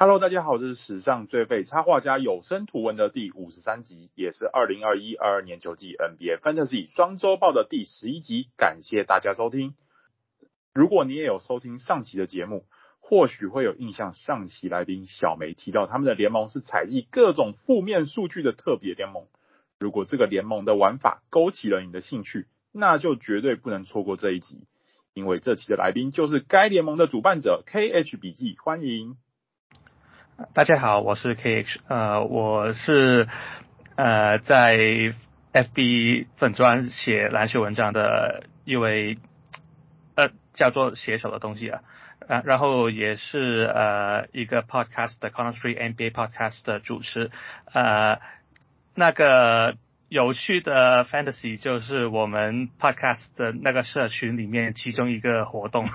Hello，大家好，這是史上最廢插畫家有聲圖文的第五十三集，也是二零二一二二年球季 NBA Fantasy 雙周報的第十一集。感謝大家收聽。如果你也有收聽上期的節目，或許會有印象，上期來賓小枚提到他們的聯盟是採集各種負面數據的特別聯盟。如果這個聯盟的玩法勾起了你的興趣，那就絕對不能錯過這一集，因為這期的來賓就是該聯盟的主辦者 KH 筆記，歡迎。大家好，我是 KH，呃，我是呃在 FB 粉專寫籃球文章的一位呃叫做寫手的東西啊，然、呃、然後也是呃一個 podcast 的 Corner 3 NBA podcast 的主持，呃那個有趣的 fantasy 就是我們 podcast 的那個社群裡面其中一個活動。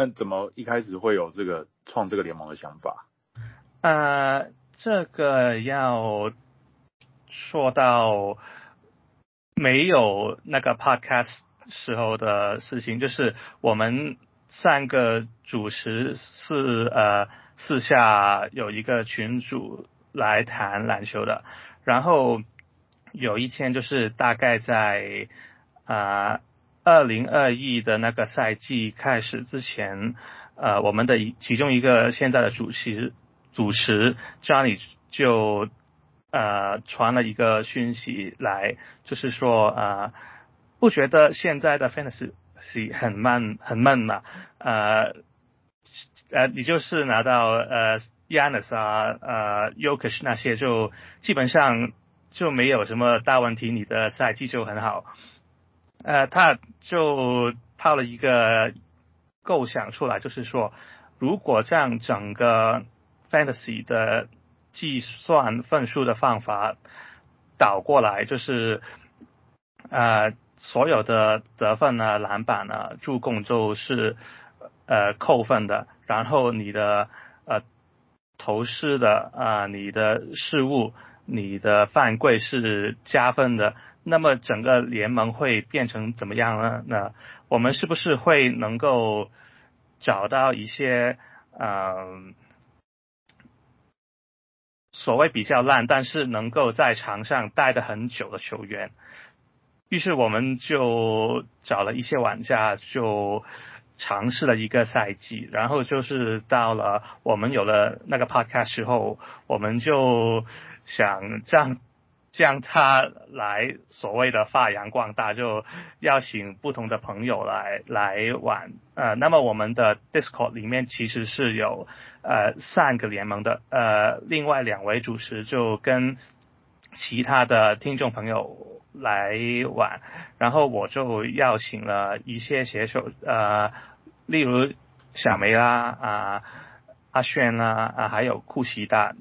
那怎麼一開始會有這個創這個聯盟的想法？啊、呃，這個要說到沒有那個 Podcast 時候的事情，就是我們三個主持是呃私下有一個群組來談籃球的，然後有一天就是大概在啊。呃二零二一的那個賽季開始之前，呃，我們的其中一個現在的主持主持 Johnny 就呃傳了一個訊息來，就是說呃不覺得現在的 Fantasy 很慢很悶嘛，呃呃你就是拿到呃 Giannis 啊呃 Jokic、ok、那些就基本上就沒有什麼大問題，你的賽季就很好。呃，他就拋了一個構想出來，就是說，如果這樣整個 fantasy 的計算分數的方法倒過來，就是呃，所有的得分呢，籃板呢，助攻就是呃扣分的，然後你的呃投失的啊、呃、你的失誤。你的犯規是加分的，那麼整個聯盟會變成怎麼樣呢？那我們是不是會能夠找到一些嗯、呃，所謂比較爛，但是能夠在場上待得很久的球員？於是我們就找了一些玩家，就嘗試了一個賽季，然後就是到了我們有了那個 podcast 之後，我們就。想將將他來所謂的發揚光大，就邀請不同的朋友來來玩。呃，那麼我們的 Discord 裡面其實是有呃三個聯盟的。呃，另外兩位主持就跟其他的聽眾朋友來玩，然後我就邀請了一些寫手，呃，例如小枚啦啊、呃，阿軒啦啊，還有庫奇的，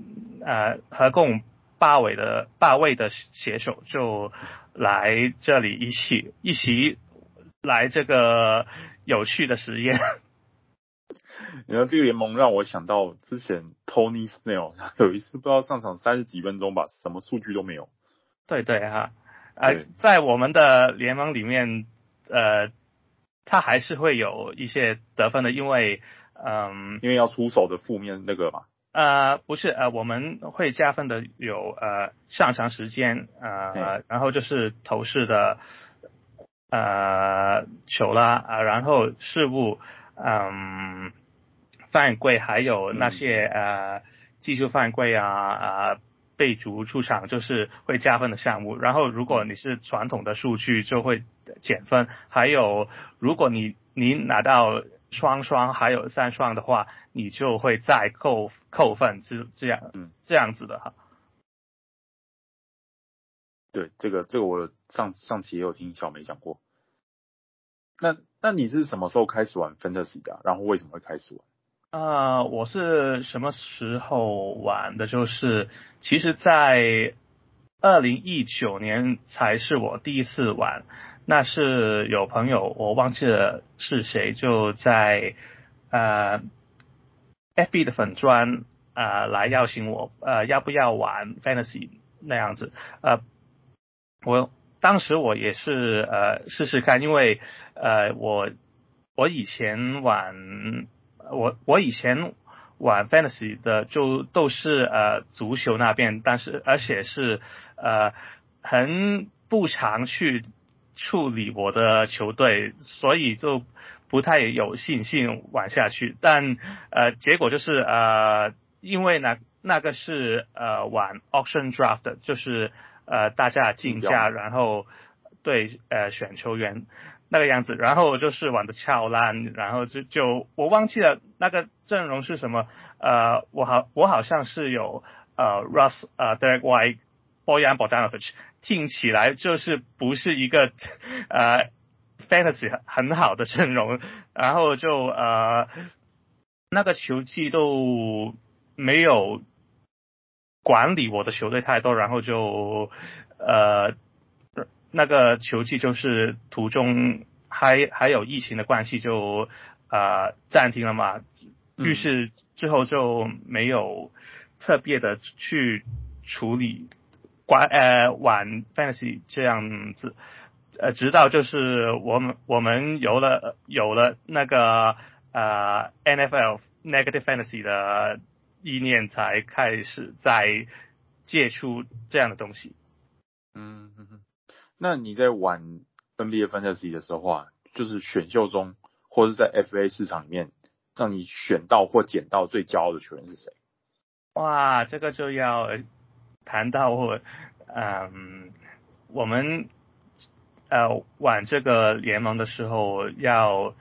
呃，合共。八位的八位的寫手就來這裡一起一起來這個有趣的實驗。然後這個聯盟讓我想到之前 Tony Snell 有一次不知道上場三十幾分鐘吧，什麼數據都沒有。對對哈、啊，對呃，在我們的聯盟裡面，呃，他還是會有一些得分的，因為嗯，呃、因為要出手的負面那個嘛。呃，不是，呃，我們會加分的有呃上場時間，呃，對然後就是頭飾的呃投失的呃球啦，啊，然後失誤，嗯、呃，犯規，還有那些、嗯、呃技術犯規啊，啊、呃，被逐出場就是會加分的項目。然後如果你是傳統的數據就會減分，還有如果你你拿到。雙雙還有三雙的話，你就會再扣扣分，這這樣，嗯，這樣子的哈。對，這個這個我上上期也有聽小枚講過。那那你是什麼時候開始玩 Fantasy 的、啊？然後為什麼會開始玩？啊、呃，我是什麼時候玩的？就是其實，在二零一九年才是我第一次玩。那是有朋友，我忘記了是誰，就在呃 FB 的粉專啊、呃、來邀請我，呃，要不要玩 Fantasy 那樣子？呃，我當時我也是呃試試看，因為呃我我以前玩我我以前玩 Fantasy 的就都是呃足球那邊，但是而且是呃很不常去，處理我的球隊，所以就不太有信心玩下去。但呃，結果就是呃，因為呢，那個是呃玩 auction draft，就是呃大家競價，了然後對呃選球員那個樣子，然後就是玩的超爛，然後就就我忘記了那個陣容是什麼。呃，我好我好像是有呃 Russ 呃，Derek White。Bojan Bogdanovic 聽起來就是不是一個呃 ，fantasy 很,很好的陣容，然後就呃，那個球季都沒有管理我的球隊太多，然後就呃，那個球季就是途中還還有疫情的關係就啊、呃、暫停了嘛，於是最後就沒有特別的去處理。嗯管呃玩 fantasy 這樣子，呃，直到就是我們我們有了有了那個呃 NFL negative fantasy 的意念，才開始在接觸這樣的東西。嗯嗯嗯。那你在玩 NBA fantasy 的時候啊，就是選秀中或是在 FA 市場裡面，讓你選到或撿到最驕傲的球員是誰？哇，這個就要。談到我，嗯，我們呃，玩這個聯盟的時候要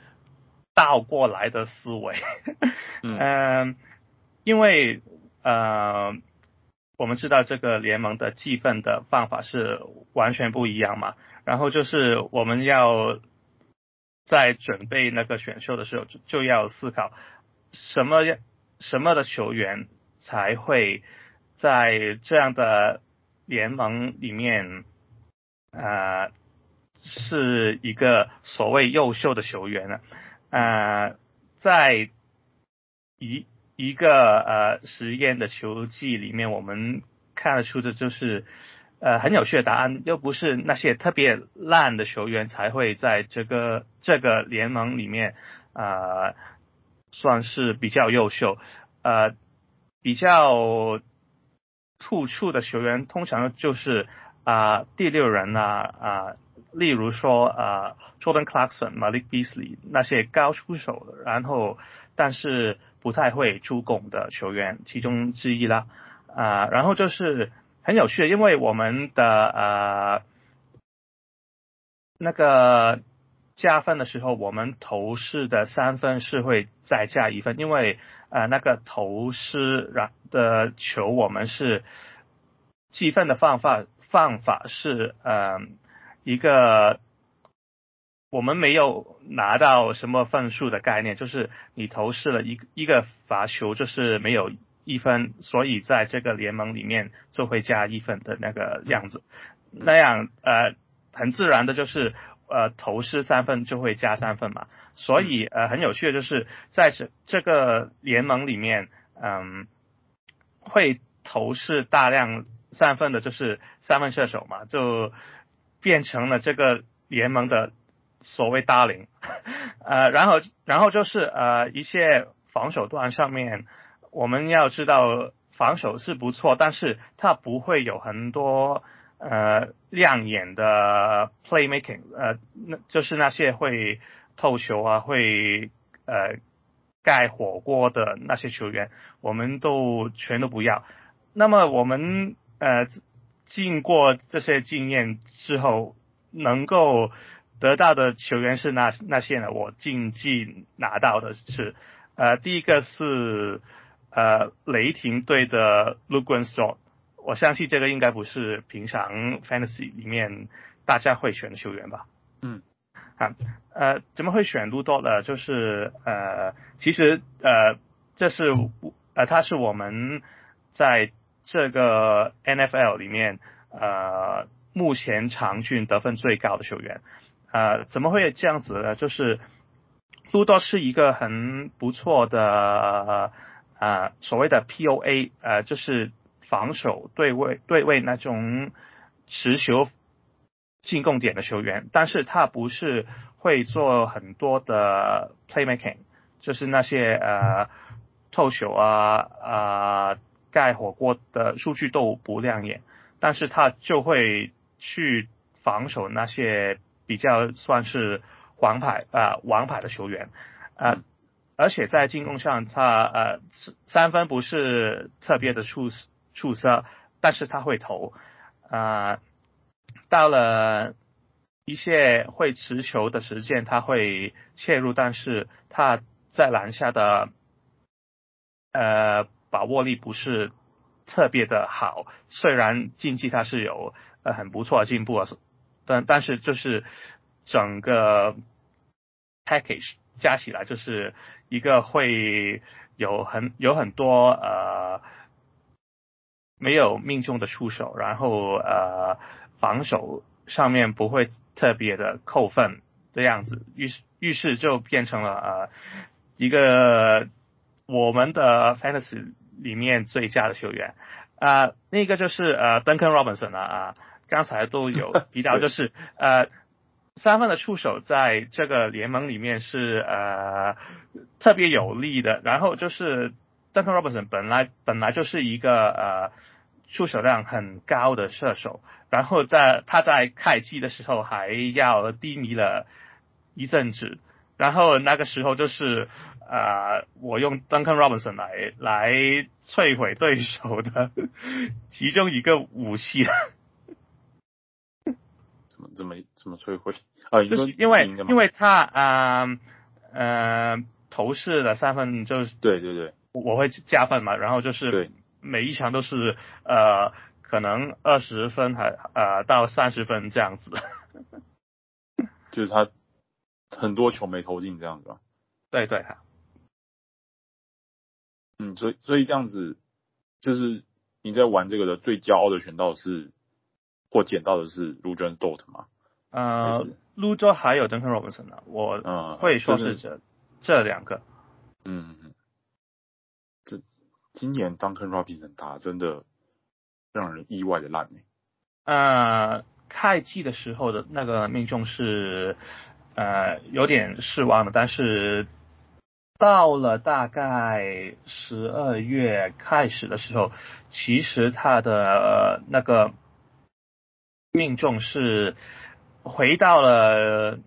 倒過來的思維，嗯，嗯，因為呃，我們知道這個聯盟的計分的方法是完全不一樣嘛，然後就是我們要在準備那個選秀的時候就，就要思考什麼什麼的球員才會。在這樣的聯盟裡面，呃，是一個所謂優秀的球員呢，呃，在一一個呃實驗的球技裡面，我們看得出的就是呃很有趣的答案。又不是那些特別爛的球員才會在這個這個聯盟裡面，啊、呃，算是比較優秀，呃，比較。突出的球員通常就是啊、呃、第六人吶啊、呃，例如說啊、呃、Jordan Clarkson、Malik Beasley 那些高出手的，然後但是不太會助攻的球員其中之一啦啊、呃，然後就是很有趣的，因為我們的啊、呃、那個。加分的時候，我們投失的三分是會再加一分，因為呃那個投失然的球我們是計分的方法，方法是呃一個，我們沒有拿到什麼分數的概念，就是你投失了一個一個罰球就是沒有一分，所以在這個聯盟裡面就會加一分的那個樣子，嗯、那樣呃很自然的就是。呃，投射三分就會加三分嘛，所以呃，很有趣的，就是在這這個聯盟裡面，嗯、呃，會投射大量三分的，就是三分射手嘛，就變成了這個聯盟的所謂達令，呃，然後然後就是呃，一些防守端上面，我們要知道防守是不錯，但是它不會有很多呃。亮眼的 playmaking，呃，那就是那些會透球啊，會呃蓋火鍋的那些球員，我們都全都不要。那麼我們呃經過這些經驗之後，能夠得到的球員是哪那些呢？我競技拿到的是，呃，第一個是呃雷霆隊的 Luguentz Dort。我相信這個應該不是平常 fantasy 裡面大家會選的球員吧？嗯，啊，呃，怎麼會選 Lu Dort 呢？就是呃，其實呃，這是呃，他是我們在這個 NFL 裡面呃，目前場均得分最高的球員。呃，怎麼會這樣子呢？就是 Lu Dort 是一個很不錯的呃，所謂的 POA，呃，就是。防守對位對位那種持球進攻點的球員，但是他不是會做很多的 playmaking，就是那些呃偷球啊啊、呃、蓋火鍋的數據都不亮眼，但是他就會去防守那些比較算是黃牌啊、呃、王牌的球員啊、呃，而且在進攻上他呃三分不是特別的出色。出色，但是他會投，啊、呃，到了一些會持球的時間，他會切入，但是他，在籃下的呃把握力不是特別的好，雖然近期他是有呃很不錯的進步，但但是就是整個 package 加起來就是一個會有很有很多呃。沒有命中的出手，然後呃，防守上面不會特別的扣分這樣子，於是，於是就變成了呃一個我們的 fantasy 裡面最佳的球員啊、呃，那個就是呃 Duncan Robinson 啊、呃，剛才都有提到，就是 對呃三分的出手在這個聯盟裡面是呃特別有利的，然後就是。Duncan Robinson 本來本來就是一個呃出手量很高的射手，然後在他在開機的時候還要低迷了一陣子，然後那個時候就是呃我用 Duncan Robinson 來來摧毀對手的其中一個武器。怎麼怎麼怎麼摧毀？啊，就是因為因為，因為他啊嗯，呃呃，投射的三分就是對對對。我會加分嘛，然後就是每一場都是對呃，可能二十分還呃到三十分這樣子， 就是他很多球沒投進這樣子、啊。對對，嗯，所以所以這樣子就是你在玩這個的最驕傲的選到是或撿到的是 Lu Dort 嗎？就是、呃，Lu Dort 還有 Duncan Robinson 呢，我會說是這這兩個。嗯。今年 Duncan Robinson 打真的讓人意外的爛呢。呃，開季的時候的那個命中是呃有點失望的，但是到了大概十二月開始的時候，其實他的那個命中是回到了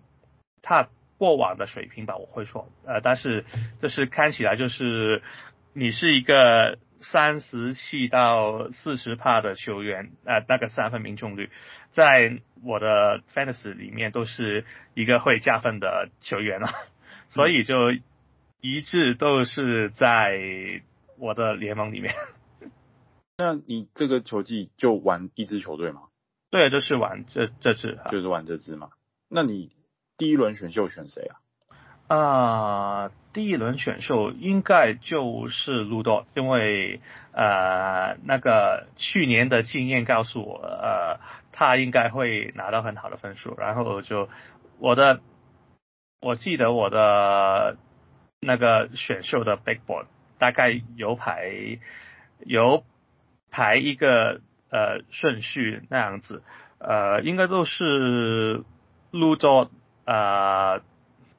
他過往的水平吧，我會說。呃，但是就是看起來就是。你是一個三十七到四十帕的球員啊，呃,那個三分命中率，在我的 Fantasy 裡面都是一個會加分的球員啊。所以就一直都是在我的聯盟裡面。嗯、那你這個球季就玩一支球隊嗎？對、啊，就是玩這這支、啊。就是玩這支嘛？那你第一輪選秀選誰啊？啊、呃。第一輪選秀應該就是盧多，因為呃那個去年的經驗告訴我，呃他應該會拿到很好的分數。然後就我的我記得我的那個選秀的 big board 大概有排有排一個呃順序那樣子，呃應該都是盧多啊，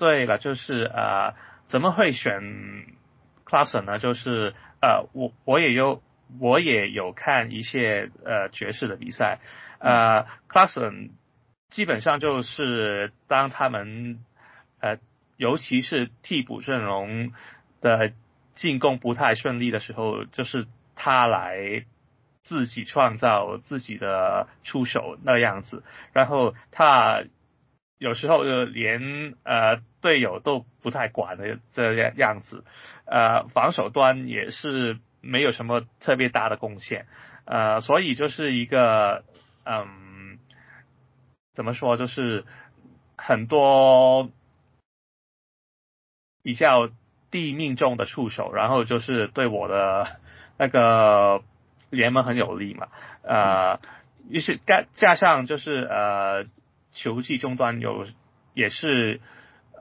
對了，就是呃，怎麼會選 Clarkson 呢？就是呃，我我也有我也有看一些呃爵士的比賽，呃，Clarkson 基本上就是當他們呃，尤其是替補陣容的進攻不太順利的時候，就是他來自己創造自己的出手那樣子，然後他。有時候就連呃隊友都不太管的這樣樣子，呃防守端也是沒有什麼特別大的貢獻，呃所以就是一個嗯怎麼說就是很多比較低命中的觸手，然後就是對我的那個聯盟很有利嘛，呃於是加加上就是呃。球技中端有也是，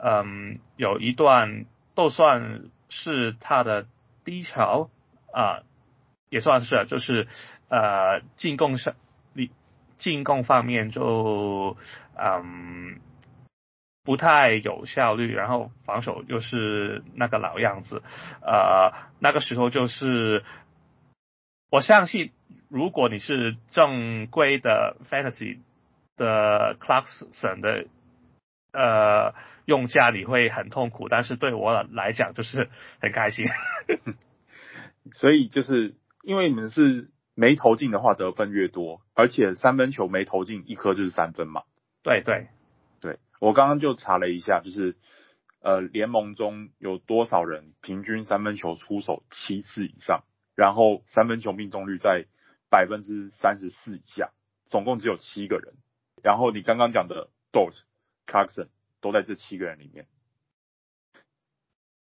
嗯，有一段都算是他的低潮啊，呃，也算是、啊，就是呃，進攻上進攻方面就嗯不太有效率，然後防守又是那個老樣子，呃，那個時候就是我相信，如果你是正規的 Fantasy。Clark 的 Clarkson 的呃用下你會很痛苦，但是對我來講就是很開心， 所以就是因為你們是沒投進的話得分越多，而且三分球沒投進一顆就是三分嘛。對對對，對我剛剛就查了一下，就是呃聯盟中有多少人平均三分球出手七次以上，然後三分球命中率在百分之三十四以下，總共只有七個人。然後你剛剛講的 Dot Clarkson 都在這七個人裡面。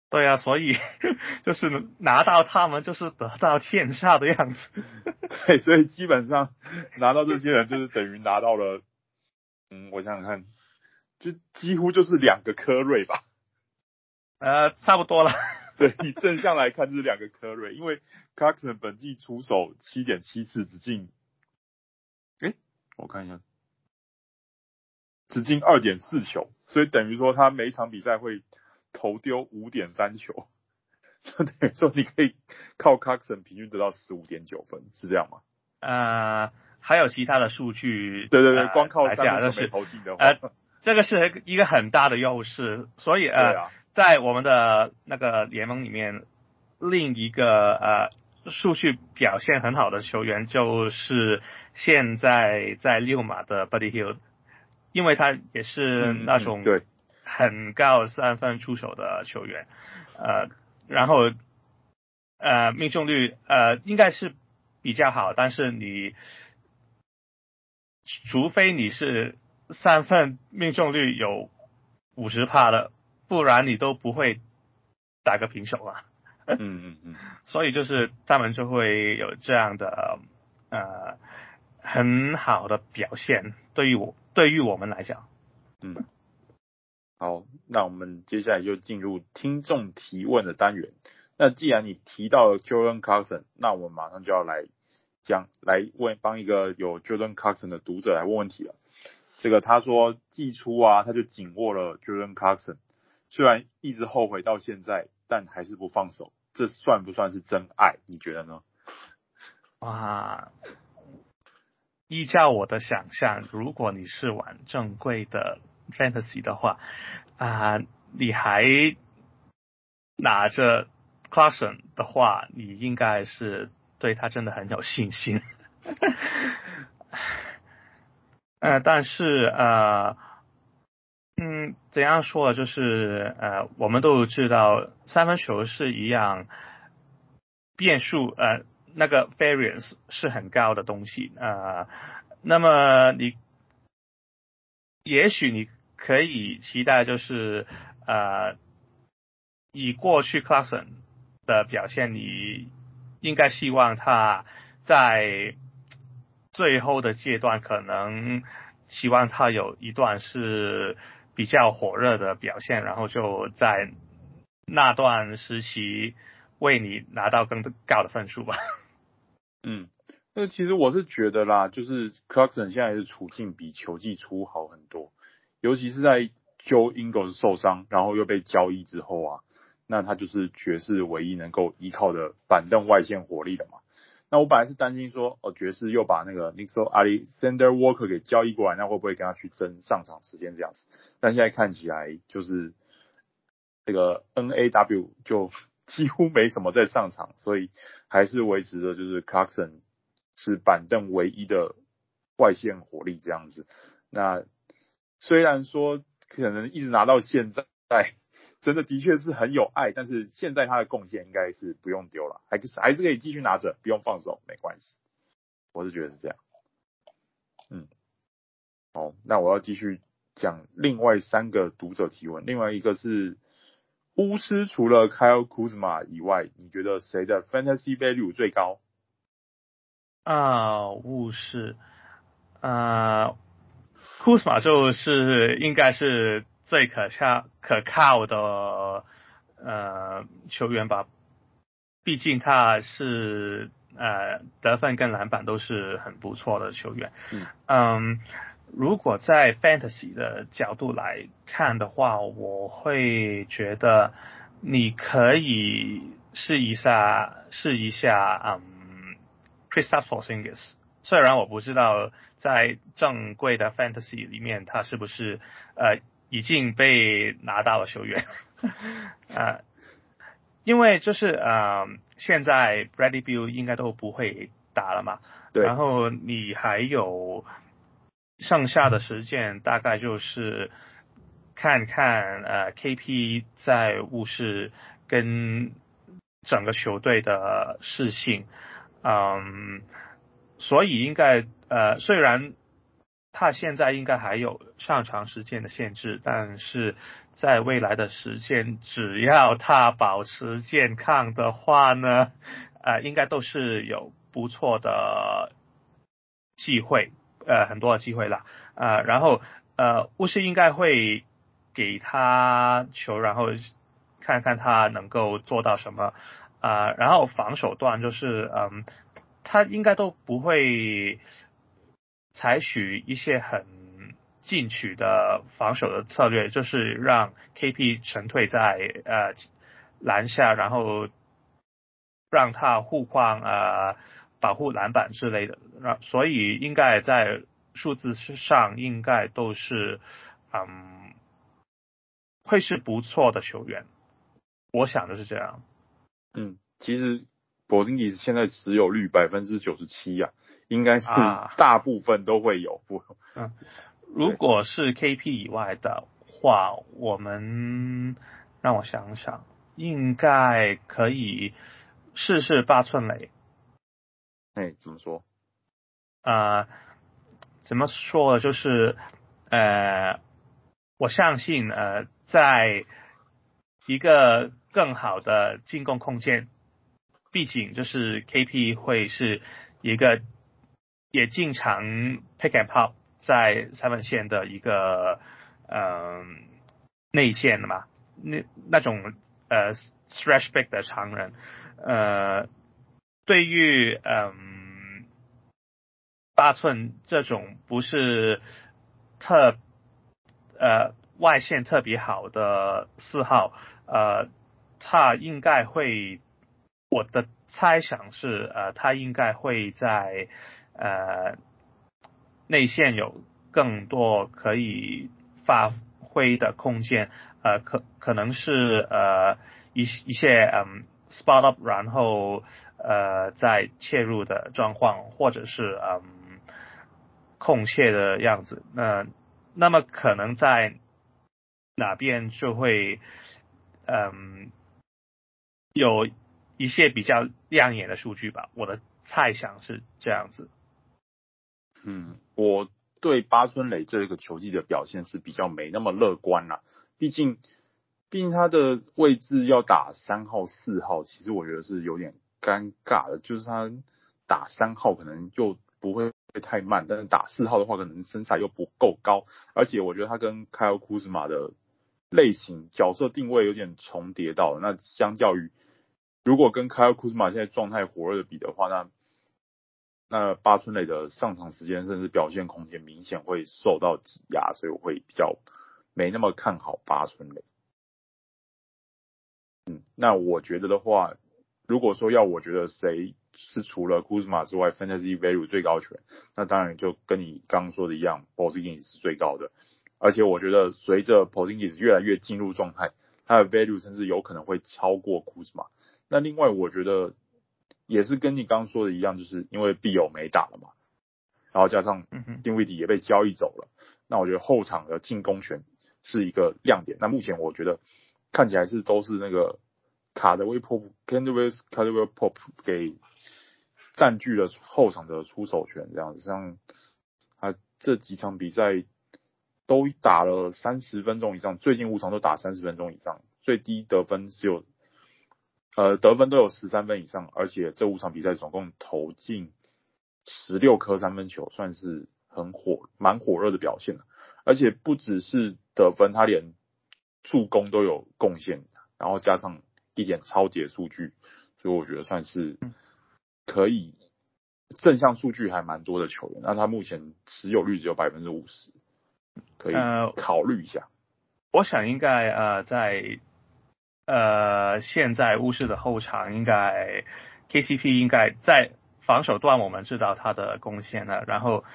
對啊，所以 就是呢拿到他們就是得到天下的樣子。 對，所以基本上拿到這些人就是等於拿到了， 嗯，我想想看，就幾乎就是兩個科瑞吧。呃，差不多了。 對，以正向來看就是兩個科瑞，因為 Clarkson 本季出手七點七次，只進，誒，我看一下。只進二點四球，所以等於說他每一場比賽會投丟五點三球，就等於說你可以靠 Coxen 平均得到十五點九分，是這樣嗎？呃，還有其他的數據，對對對，呃、光靠三分沒投進的話、呃這呃，這個是一個很大的優勢。所以呃，啊、在我們的那個聯盟裡面，另一個呃數據表現很好的球員就是現在在溜馬的 Buddy Hield 因為他也是那種很高三分出手的球員，嗯嗯嗯呃，然後呃命中率呃應該是比較好，但是你除非你是三分命中率有五十趴的，不然你都不會打個平手啊。 嗯嗯嗯，所以就是他們就會有這樣的呃很好的表現。對於我。對於我們來講，嗯，好，那我們接下來就進入聽眾提問的單元。那既然你提到了 Jordan Clarkson，那我們馬上就要來講，來問幫一個有 Jordan Clarkson 的讀者來問問題了。這個他說季初啊，他就緊握了 Jordan Clarkson，雖然一直後悔到現在，但還是不放手。這算不算是真愛，你覺得呢？哇！依照我的想象，如果你是玩正規的 fantasy 的話，啊、呃，你還拿着 Clarkson 的話，你應該是對他真的很有信心。 呃，但是呃，嗯，怎樣說就是呃，我們都知道三分球是一樣變數呃。那個 variance 是很高的東西啊、呃，那麼你也許你可以期待就是呃，以過去 Clarkson 的表現，你應該希望他在最後的階段可能希望他有一段是比較火熱的表現，然後就在那段時期為你拿到更高的分數吧。嗯，那其實我是覺得啦，就是 Clarkson 現在的處境比球季初好很多，尤其是在 Joe Ingles 受傷，然後又被交易之後啊，那他就是爵士唯一能夠依靠的板凳外線火力的嘛。那我本來是擔心說，哦，爵士又把那個 Nickeil Alexander-Walker 給交易過來，那會不會跟他去爭上場時間這樣子？但現在看起來就是這個 NAW 就。幾乎沒什麼在上場，所以還是維持着，就是 Clarkson 是板凳唯一的外線火力這樣子。那雖然說可能一直拿到現在，真的的確是很有愛，但是現在他的貢獻應該是不用丟了，還是還是可以繼續拿着，不用放手，沒關係。我是覺得是這樣。嗯，好，那我要繼續講另外三個讀者提問，另外一個是。巫師除了 Kyle Kuzma 以外，你覺得誰的 fantasy value 最高？啊，巫師，呃，Kuzma 就是應該是最可靠可靠的呃球員吧，畢竟他是呃得分跟籃板都是很不錯的球員，嗯。嗯如果在 fantasy 的角度來看的話，我會覺得你可以試一下試一下，嗯，Kristaps Porzingis，雖然我不知道在正規的 fantasy 裡面他是不是呃已經被拿到了球員，啊、 呃，因為就是啊、呃，現在 Bradley Beal 應該都不會打了嘛，對然後你還有。剩下的時間大概就是看看呃 KP 在巫師跟整個球隊的適性，嗯，所以應該呃雖然他現在應該還有上場時間的限制，但是在未來的時間，只要他保持健康的話呢，呃應該都是有不錯的機會。呃，很多的機會啦。呃，然後呃，巫師應該會給他球，然後看看他能夠做到什麼，啊、呃，然後防守端就是，嗯，他應該都不會採取一些很進取的防守的策略，就是讓 KP 沉退在呃籃下，然後讓他互換啊。呃保護籃板之類，的那所以應該在數字上應該都是，嗯，會是不錯的球員，我想就是這樣。嗯，其實博丁迪現在持有率百分之九十七呀，應該是大部分都會有。嗯、啊， 如果是 KP 以外的話，我們讓我想想，應該可以試試八寸雷。哎，怎麼說？啊，uh, 怎麼說？就是呃，uh, 我相信呃，uh, 在一個更好的進攻空間，畢竟就是 KP 會是一個也經常 pick and pop 在三分線的一個嗯、uh, 內線的嘛，那那種呃、uh, stretch big 的長人，呃、uh, 對於嗯八寸，這種不是特呃外線特別好的四號呃，他應該會，我的猜想是呃他應該會在呃內線有更多可以發揮的空間呃可可能是呃一一些嗯 spot up 然後。呃，在切入的狀況，或者是嗯空切的樣子，那、呃、那麼可能在哪邊就會嗯有一些比較亮眼的數據吧。我的猜想是這樣子。嗯，我對八村壘這個球技的表現是比較沒那麼樂觀啦、啊，畢竟畢竟他的位置要打三號四號，其實我覺得是有點。尷尬的，就是他打三號可能又不會太慢，但是打四號的話可能身材又不夠高，而且我覺得他跟凱爾庫茲馬的類型角色定位有點重疊到了。那相較於如果跟凱爾庫茲馬現在狀態火熱的比的話，那那八村壘的上場時間甚至表現空間明顯會受到擠壓，所以我會比較沒那麼看好八村壘。嗯，那我覺得的話。如果說要我覺得誰是除了 Kuzma 之外 Fantasy Value 最高權，那當然就跟你剛剛說的一樣，Posingis 是最高的。而且我覺得隨着 Posingis 越來越進入狀態，它的 Value 甚至有可能會超過 Kuzma。那另外我覺得也是跟你剛剛說的一樣，就是因為 B 友沒打了嘛，然後加上 d 位 m i t 也被交易走了，那我覺得後場的進攻權是一個亮點。那目前我覺得看起來是都是那個。卡德威普，Kentavious Caldwell-Pope 給佔據了後場的出手權，這樣子，像他這幾場比賽都打了三十分鐘以上，最近五場都打三十分鐘以上，最低得分只有呃，得分都有十三分以上，而且這五場比賽總共投進十六顆三分球，算是很火，蠻火熱的表現了。而且不只是得分，他連助攻都有貢獻，然後加上。一點抄截的數據，所以我覺得算是可以正向數據還蠻多的球員。那他目前持有率只有百分之五十，可以考慮一下、呃。我想應該呃，在呃現在巫師的後場應該 KCP 應該在防守端我們知道他的貢獻了，然後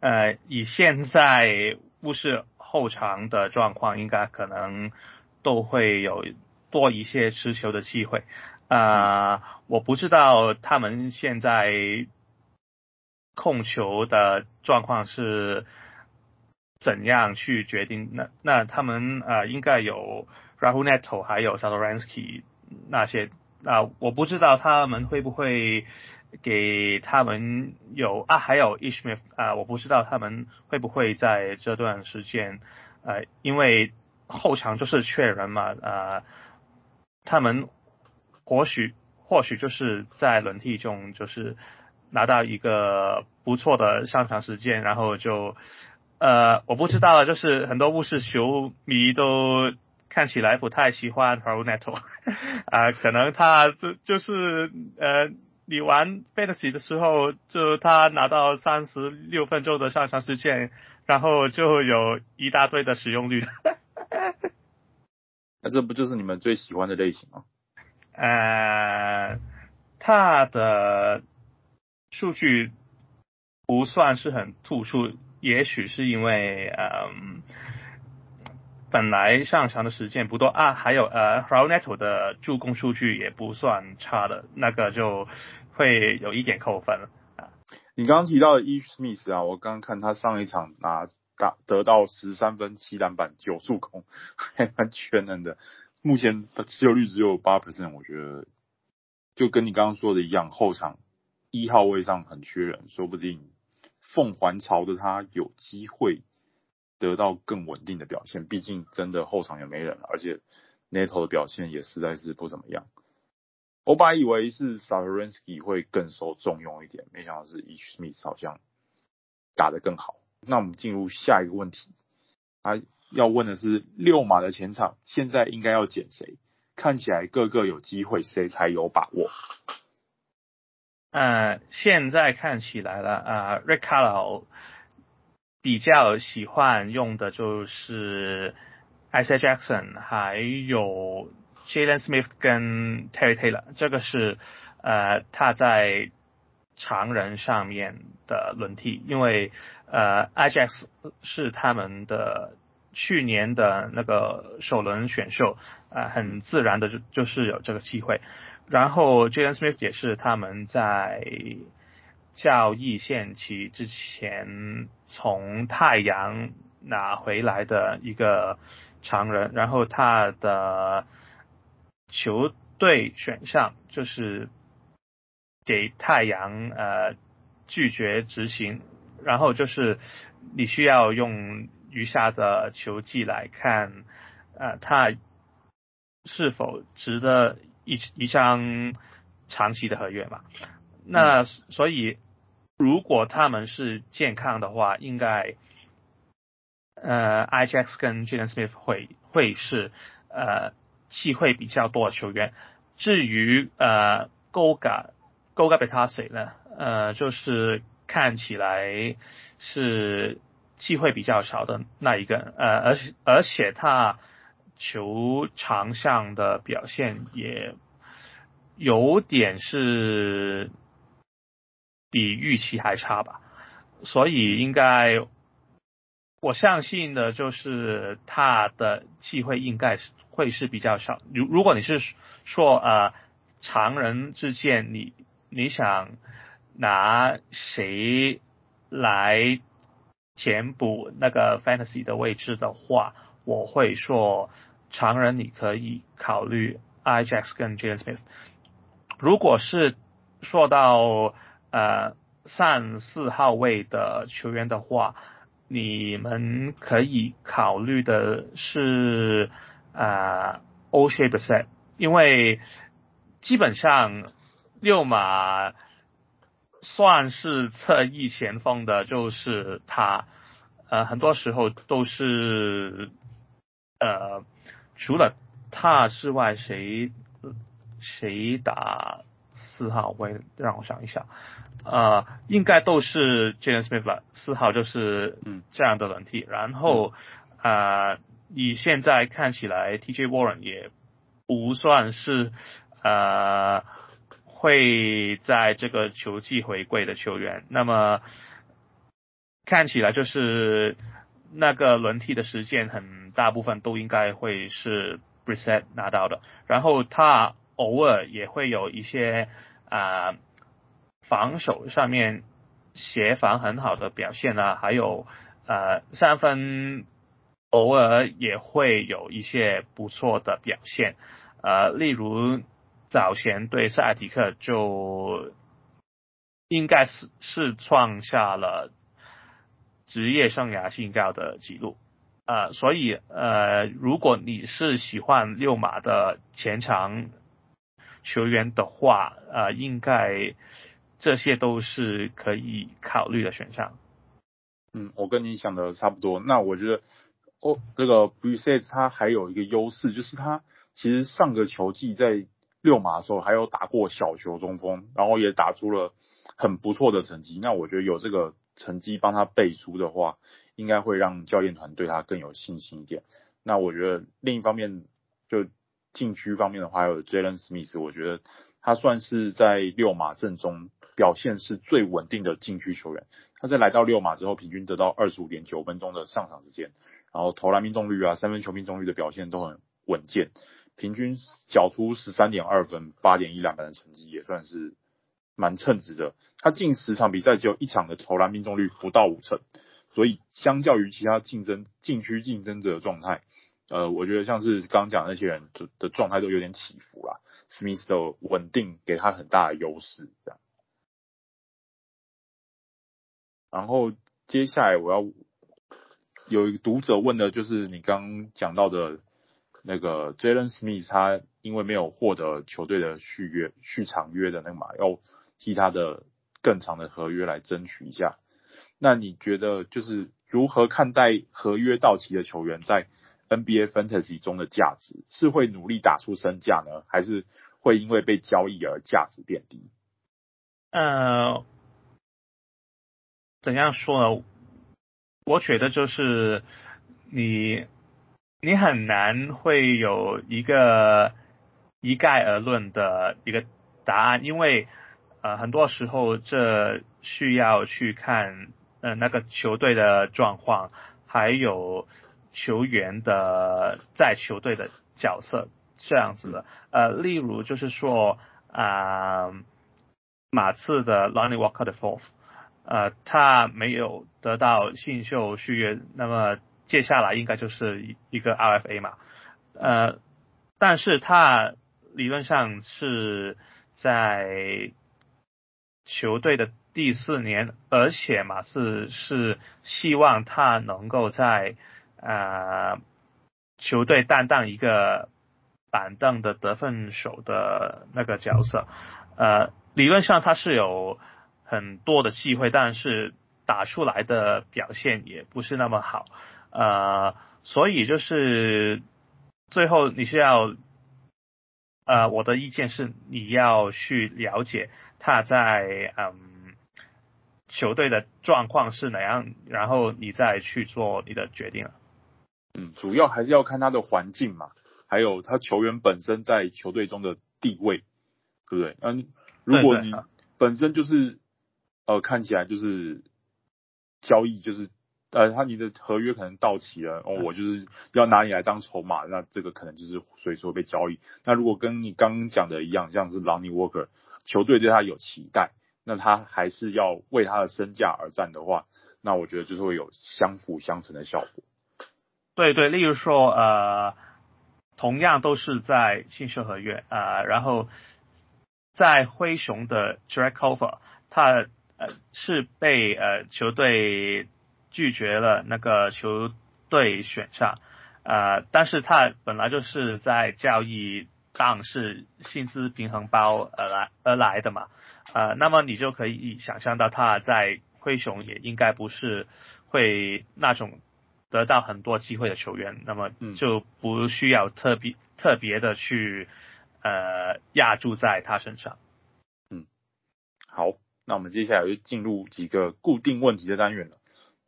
呃以現在巫師後場的狀況，應該可能都會有。多一些持球的機會啊、呃，我不知道他們現在控球的狀況是怎樣去決定。那那他們啊、呃，應該有 Raul Neto 還有 Satoransky 那些啊、呃，我不知道他們會不會給他們有啊，還有 Ish Smith、呃、啊，我不知道他們會不會在這段時間呃，因為後場就是缺人嘛啊。呃他們或許或許就是在輪替中，就是拿到一個不錯的上場時間，然後就呃，我不知道了，就是很多巫師球迷都看起來不太喜歡 Pronetto 啊、呃，可能他就就是呃，你玩 Fantasy 的時候，就他拿到三十六分鐘的上場時間，然後就有一大堆的使用率。那、啊、這不就是你們最喜歡的類型嗎？呃，他的數據不算是很突出，也許是因為嗯、呃，本來上場的時間不多啊，還有呃，Raul Neto 的助攻數據也不算差的，那個就會有一點扣分了啊。你剛剛提到 Eve Smith 啊，我剛剛看他上一場拿。打得到十三分、七籃板、九助攻，還蠻全能的。目前的持有率只有八 percent，我覺得就跟你剛剛說的一樣，後場一號位上很缺人，說不定鳳還朝的他有機會得到更穩定的表現。畢竟真的後場也沒人了，而且 Neto 的表現也實在是不怎麼樣。我本來以為是 Satoransky 會更受重用一點，沒想到是 Ish Smith 好像打得更好。那我們進入下一個問題，啊，要問的是溜馬的前場現在應該要撿誰？看起來個個有機會，誰才有把握？呃，現在看起來了，啊，Rick Carlisle 比較喜歡用的就是 Isaiah Jackson，還有 Jalen Smith 跟 Terry Taylor，這個是呃他在。.常人上面的輪替，因為呃 Ajax 是他們的去年的那個首輪選秀，呃，很自然的就就是有這個機會。然後 Jalen Smith 也是他們在交易限期之前從太陽拿回來的一個常人，然後他的球隊選項就是。給太陽呃拒絕執行，然後就是你需要用餘下的球季來看，呃他是否值得一一張長期的合約嘛？那、嗯、所以如果他們是健康的話，應該呃 IJax 跟 Jalen Smith 會會是呃機會比較多的球員。至於呃 Goga，高加被他誰呢？呃，就是看起來是機會比較少的那一個人，呃，而且而且他球場上的表現也有點是比預期還差吧，所以應該我相信的就是他的機會應該是會是比較少。如如果你是說呃常人之間，你。你想拿誰來填補那個 fantasy 的位置的話，我會說，長人你可以考慮 Isaiah Jackson 跟 Jalen Smith。如果是說到呃三四號位的球員的話，你們可以考慮的是呃 Oshae Brissett，因為基本上。六碼算是側翼前鋒的，就是他。呃，很多時候都是呃，除了他之外，誰誰打四號？我讓我想一想。呃，應該都是 James Smith 了。四號就是這樣的輪替。嗯、然後啊，以、呃、現在看起來，TJ Warren 也不算是呃。會在這個球季回歸的球員，那麼看起來就是那個輪替的時間很大部分都應該會是 Brissett 拿到的，然後他偶爾也會有一些啊、呃、防守上面協防很好的表現啊，還有呃三分偶爾也會有一些不錯的表現，呃例如，早前對塞爾提克就應該是是創下了職業生涯新高的記錄，呃，所以呃，如果你是喜歡六碼的前場球員的話，呃，應該這些都是可以考慮的選項。嗯，我跟你想的差不多。那我覺得哦，那、這個布里斯特他還有一個優勢，就是他其實上個球季在。六馬的時候，還有打過小球中鋒，然後也打出了很不錯的成績。那我覺得有這個成績幫他背書的話，應該會讓教練團對他更有信心一點。那我覺得另一方面，就禁區方面的話，還有 Jalen Smith，我覺得他算是在溜馬陣中表現是最穩定的禁區球員。他在來到溜馬之後，平均得到二十五點九分鐘的上場時間，然後投籃命中率啊，三分球命中率的表現都很穩健。平均繳出十三點二分，八點一籃板的成績，也算是蠻稱職的。他近十場比賽只有一場的投籃命中率不到五成，所以相較於其他競爭禁區競爭者的狀態，呃，我覺得像是剛剛講的那些人的的狀態都有點起伏啦。史密斯的穩定給他很大的優勢，這樣。然後接下來我要有一個讀者問的，就是你剛剛講到的。那個 Jalen Smith 他因為沒有獲得球隊的續約續長約的那個嘛，要替他的更長的合約來爭取一下。那你覺得就是如何看待合約到期的球員在 NBA Fantasy 中的價值？是會努力打出身價呢，還是會因為被交易而價值變低？呃，怎樣說呢？我覺得就是你。你很難會有一個一概而論的一個答案，因為呃，很多時候這需要去看呃那個球隊的狀況，還有球員的在球隊的角色這樣子的。呃，例如就是說啊、呃，馬刺的 Lonnie Walker 的 Fourth 呃，他沒有得到新秀續約，那麼。接下來應該就是一一個 RFA 嘛，呃，但是他理論上是在球隊的第四年，而且馬刺是希望他能夠在啊、呃、球隊擔當一個板凳的得分手的那個角色，呃，理論上他是有很多的機會，但是打出來的表現也不是那麼好。呃，所以就是最後你是要，呃，我的意見是你要去了解他在嗯球隊的狀況是哪樣，然後你再去做你的決定了。嗯，主要還是要看他的環境嘛，還有他球員本身在球隊中的地位，對不對？嗯，如果你本身就是呃看起來就是交易就是。呃，他你的合約可能到期了，哦，我就是要拿你來當籌碼，那這個可能就是隨時會被交易。那如果跟你剛剛講的一樣，像是 Lonnie Walker，球隊對他有期待，那他還是要為他的身價而戰的話，那我覺得就是會有相輔相成的效果。對對，例如說，呃，同樣都是在新秀合約啊、呃，然後在灰熊的 Drake o v e r 他呃是被呃球隊。拒絕了那個球隊選上，啊、呃，但是他本來就是在交易檔是薪資平衡包而來而來的嘛，啊、呃，那麼你就可以想象到他在灰熊也應該不是會那種得到很多機會的球員，那麼就不需要特別、嗯、特別的去呃押注在他身上。嗯，好，那我們接下來就進入幾個固定問題的單元了。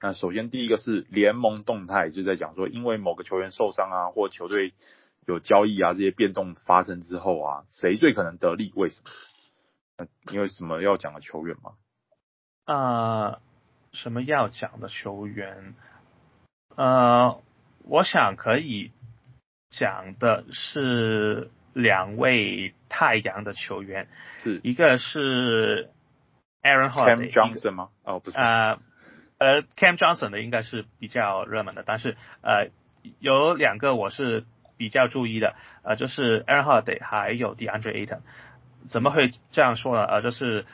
那首先，第一個是聯盟動態，就在講說，因為某個球員受傷啊，或球隊有交易啊，這些變動發生之後啊，誰最可能得利？為什麼？你有什麼要講的球員嗎？啊、呃，什麼要講的球員？呃，我想可以講的是兩位太陽的球員，是一個是 Aaron Holiday、Cam Johnson 嗎？呃、哦，不是啊。呃呃、uh,，Cam Johnson 的應該是比較熱門的，但是呃有兩個我是比較注意的，呃，就是 Aaron Holiday 還有 DeAndre Ayton，怎麼會這樣說呢？呃，就是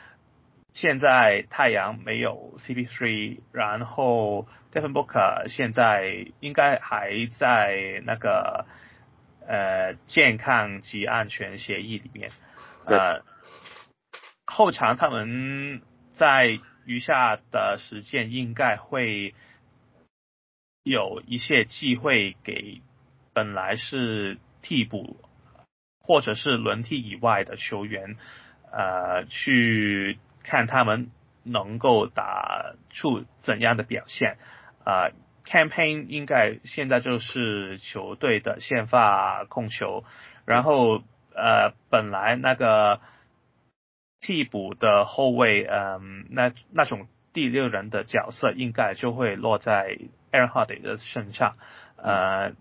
現在太陽沒有 CP3，然後 Devin Booker 現在應該還在那個呃健康及安全協議裡面，呃，對後場他們在。餘下的時間應該會有一些機會給本來是替補或者是輪替以外的球員，呃，去看他們能夠打出怎樣的表現。啊、呃，campaign 應該現在就是球隊的先發控球，然後呃，本來那個。替補的後衛，嗯、呃，那那種第六人的角色應該就會落在 Aaron Holiday 的身上，呃，嗯、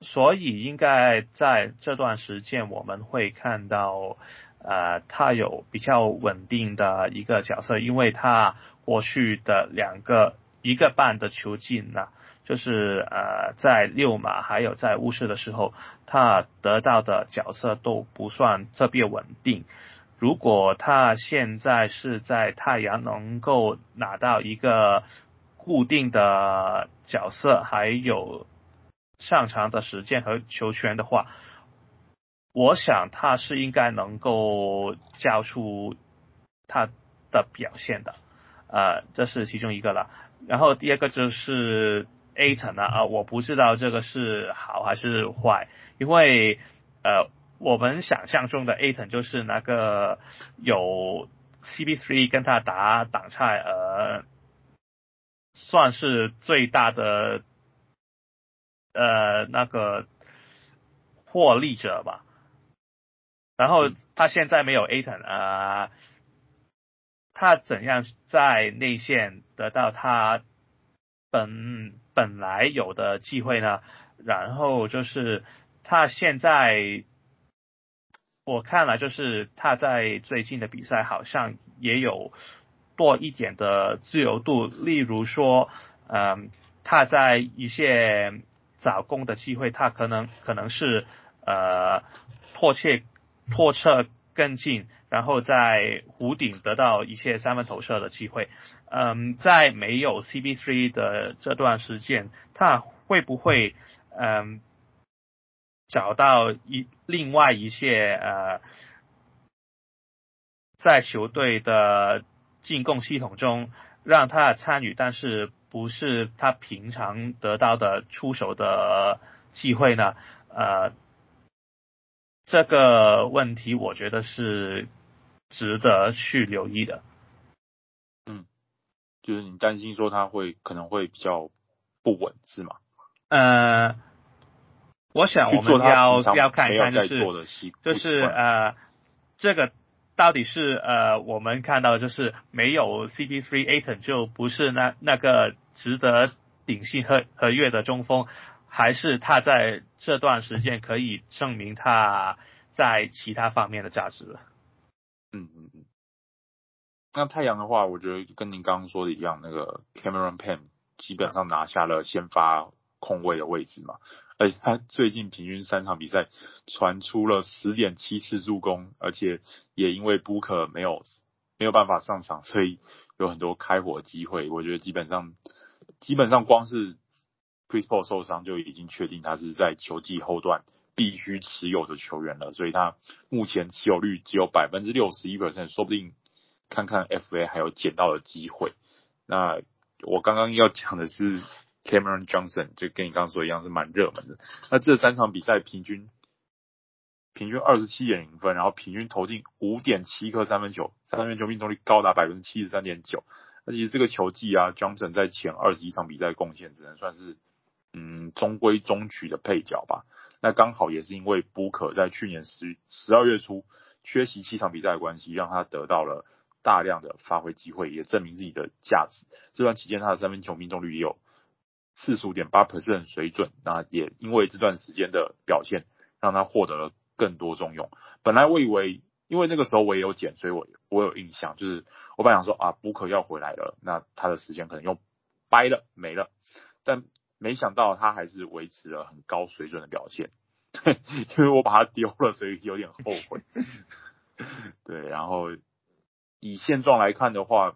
所以應該在這段時間我們會看到，呃，他有比較穩定的一個角色，因為他過去的兩個一個半的球季呢，就是呃，在溜馬還有在巫師的時候，他得到的角色都不算特別穩定。如果他現在是在太陽能夠拿到一個固定的角色，還有上場的時間和球權的話，我想他是應該能夠交出他的表現的。呃，這是其中一個了。然後第二個就是 Ayton 了啊，呃，我不知道這個是好還是壞，因為呃。我們想象中的 Ayton 就是那個有 CP3 跟他打擋拆，呃，算是最大的呃那個獲利者吧。然後他現在沒有 Ayton，嗯，啊，他怎樣在內線得到他本本來有的機會呢？然後就是他現在。我看來就是他在最近的比賽好像也有多一點的自由度，例如說，嗯，他在一些找工的機會，他可能可能是呃，迫切拖車跟進，然後在弧頂得到一些三分投射的機會。嗯，在沒有 CB3 的這段時間，他會不會嗯？找到一另外一些呃，在球隊的進攻系統中讓他參與，但是不是他平常得到的出手的機會呢？呃，這個問題我覺得是值得去留意的。嗯，就是你擔心說他會可能會比較不穩是嗎？嗯、呃。我想我們要要看一看，就是 c，就是呃，這個到底是呃，我們看到的就是沒有 CP3 Ayton 就不是那那個值得頂薪合合約的中鋒，還是他在這段時間可以證明他在其他方面的價值了？嗯嗯嗯。那太陽的話，我覺得跟您剛剛說的一樣，那個 Cameron Payne 基本上拿下了先發控衛的位置嘛。誒、欸，他最近平均三場比賽傳出了十點七次助攻，而且也因為 Booker 沒有沒有辦法上場，所以有很多開火機會。我覺得基本上基本上光是 Chris Paul 受傷就已經確定他是在球季後段必須持有的球員了，所以他目前持有率只有百分之六十一，說不定看看 FA 還有撿到的機會。那我剛剛要講的是，Cameron Johnson 就跟你剛剛說一樣，是蠻熱門的。那這三場比賽平均平均二十七點零分，然後平均投進五點七顆三分球，三分球命中率高達百分之七十三點九。那其實這個球技啊，Johnson 在前二十一場比賽貢獻只能算是嗯中規中矩的配角吧。那剛好也是因為布克在去年十十二月初缺席七場比賽的關係，讓他得到了大量的發揮機會，也證明自己的價值。這段期間他的三分球命中率也有，四十五點八%水準，那也因為這段時間的表現，讓他獲得了更多重用。本來我以為，因為那個時候我也有減，所以我我有印象，就是我本來想說啊，Booker 要回來了，那他的時間可能又掰了沒了，但沒想到他還是維持了很高水準的表現。對，因為我把他丟了，所以有點後悔。 對，然後以現狀來看的話，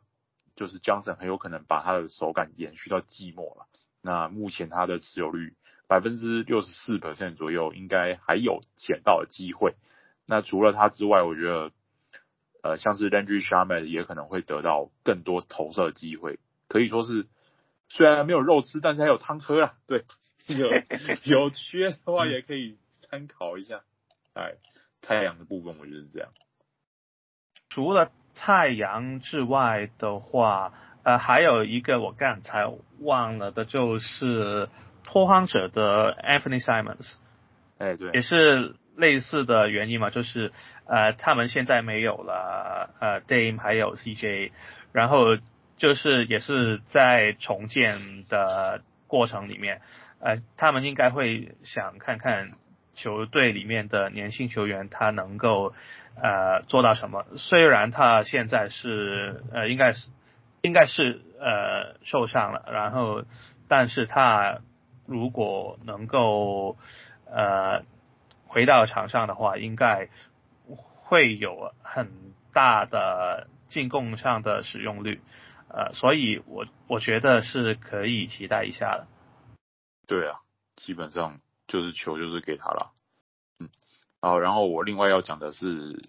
就是 Johnson 很有可能把他的手感延續到季末了。那目前它的持有率百分之六十四 percent 左右，應該還有撿到的機會。那除了它之外，我覺得呃，像是 Landry Shamet 也可能會得到更多投射的機會。可以說是雖然沒有肉吃，但是還有湯喝啊。對， 有有缺的話也可以參考一下。哎、 嗯，太陽的部分我覺得是這樣。除了太陽之外的話。呃，還有一個我剛才忘了的，就是拓荒者的 Anthony Simons，哎，對，也是類似的原因嘛，就是呃，他們現在沒有了呃，Dame 還有 CJ，然後就是也是在重建的過程裡面，呃，他們應該會想看看球隊裡面的年輕球員他能夠呃做到什麼，雖然他現在是呃，應該是。應該是呃受傷了，然後但是他如果能夠呃回到場上的話，應該會有很大的進攻上的使用率，呃，所以我我覺得是可以期待一下的。對啊，基本上就是球就是給他了，嗯，好，然後我另外要講的是。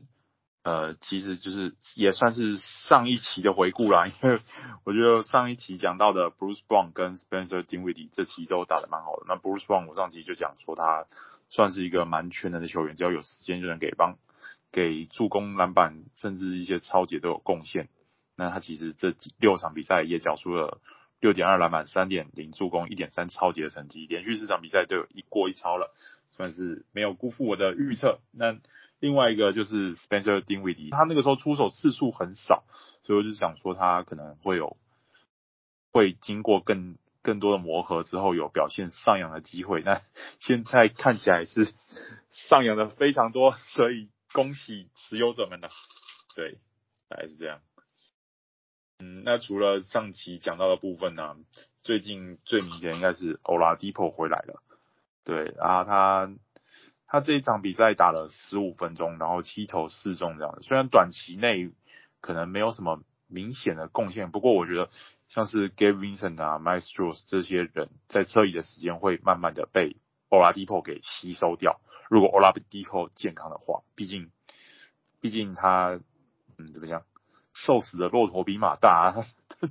呃，其實就是也算是上一期的回顧啦，因為我覺得上一期講到的 Bruce Brown 跟 Spencer Dinwiddie 這期都打得蠻好的。那 Bruce Brown 我上期就講說他算是一個蠻全能的球員，只要有時間就能給幫給助攻、籃板，甚至一些抄截都有貢獻。那他其實這六場比賽也繳出了六點二籃板、三點零助攻、一點三抄截的成績，連續四場比賽都有一過一抄了，算是沒有辜負我的預測。那、嗯另外一個就是 Spencer Dinwiddie，他那個時候出手次數很少，所以我就想說他可能會有，會經過更更多的磨合之後有表現上揚的機會。那現在看起來是上揚的非常多，所以恭喜持有者們了。對，大概是這樣。嗯，那除了上期講到的部分呢，啊，最近最明顯應該是 Oladipo 回來了。對，啊，他。他這一場比賽打了十五分鐘，然後七投四中這樣。雖然短期內可能沒有什麼明顯的貢獻，不過我覺得像是 Gabe Vincent 啊、Max Strus 這些人在這裡的時間會慢慢的被 Oladipo 給吸收掉。如果 Oladipo 健康的話，畢竟畢竟他嗯怎麼講，瘦死的駱駝比馬大啊，啊，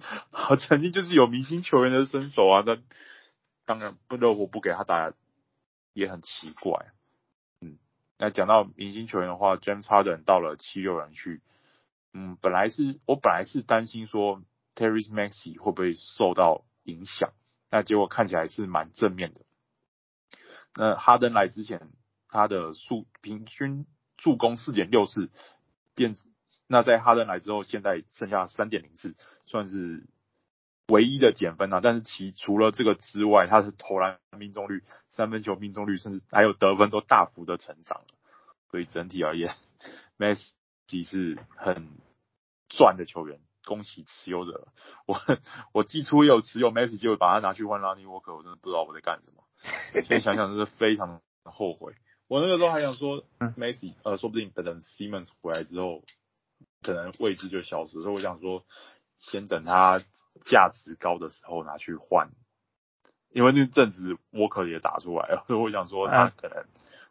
他曾經就是有明星球員的身手啊。但當然熱火不給他打也很奇怪。那講到明星球員的話，James Harden 到了七六人去，嗯，本來是我本來是擔心說 Tyrese Maxey 會不會受到影響，那結果看起來是蠻正面的。那哈登來之前，他的數平均助攻四點六次，變，那在哈登來之後，現在剩下三點零四算是唯一的減分了、啊，但是其除了這個之外，他的投籃命中率、三分球命中率，甚至還有得分都大幅的成長了。所以整體而言，Maxey 是很賺的球員。恭喜持有者！我我季初也有持有 Maxey，就會把他拿去換拉尼 Walker，我真的不知道我在幹什麼。現在想想真是非常的後悔。我那個時候還想說，Maxey，呃，說不定等 Simmons 回來之後，可能位置就消失。所以我想說，先等他價值高的時候拿去換，因為那陣子 Walker 也打出來了，所以我想說他可能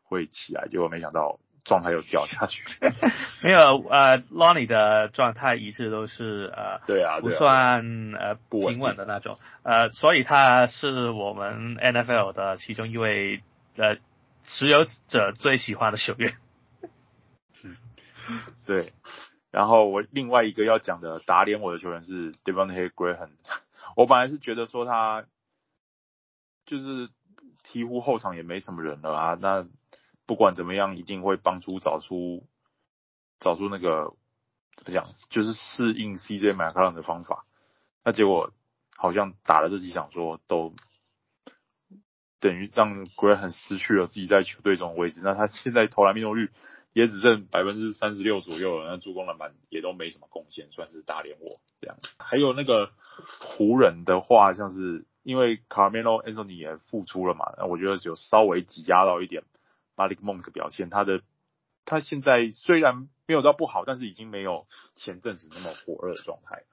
會起來。嗯、結果沒想到。狀態又掉下去 ， 沒有呃，Lonnie 的狀態一直都是呃對、啊，對啊，不算呃平穩的那種呃，所以他是我們 NFL 的其中一位呃持有者最喜歡的球員。嗯，對。然後我另外一個要講的打臉我的球員是 Devonte' Graham，很， 我本來是覺得說他就是幾乎後場也沒什麼人了啊，那。不管怎麼樣，一定會幫助找出找出那個怎麼講，就是適應 CJ 麥卡倫的方法。那結果好像打了這幾場，說都等於讓格里很失去了自己在球隊中的位置。那他現在投籃命中率也只剩百分之三十六左右了，那助攻籃板也都沒什麼貢獻，算是打臉我這樣。還有那個湖人的話，像是因為卡梅羅安東尼也復出了嘛，那我覺得就稍微擠壓到一點。馬利克蒙的表現，他的他現在雖然沒有到不好，但是已經沒有前陣子那麼火熱的狀態了。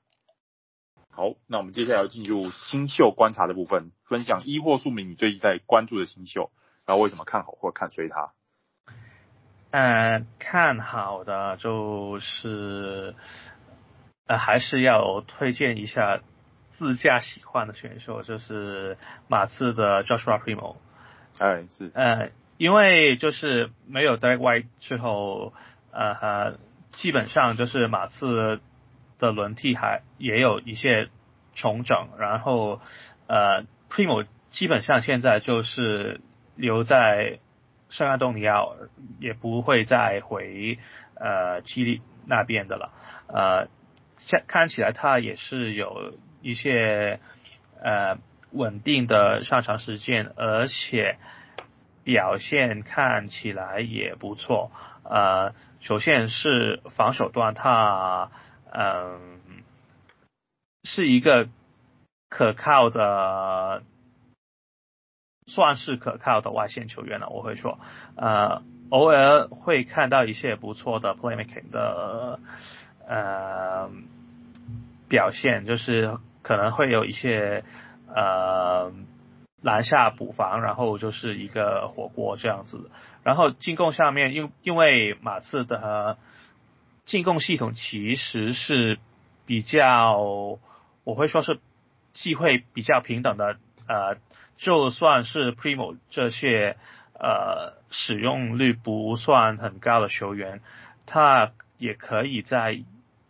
好，那我們接下來要進入新秀觀察的部分，分享一或數名你最近在關注的新秀，然後為什麼看好或看衰他？呃，看好的就是，呃，還是要推薦一下自家喜歡的選手，就是馬刺的 Joshua Primo。哎，是。呃。因為就是沒有 Derrick White 之後，呃，基本上就是馬刺的輪替還也有一些重整，然後呃，Primo 基本上現在就是留在聖安東尼奧，也不會再回呃，基里那邊的了。呃，現看起來他也是有一些呃穩定的上場時間，而且。表現看起來也不錯，呃，首先是防守端，他嗯、呃、是一個可靠的，算是可靠的外線球員了，我會說，呃，偶爾會看到一些不錯的 playmaking 的呃表現，就是可能會有一些呃。籃下補防，然後就是一個火鍋這樣子。然後進攻下面，因因為馬刺的進攻系統其實是比較，我會說是機會比較平等的。呃，就算是 Primo 這些呃使用率不算很高的球員，他也可以在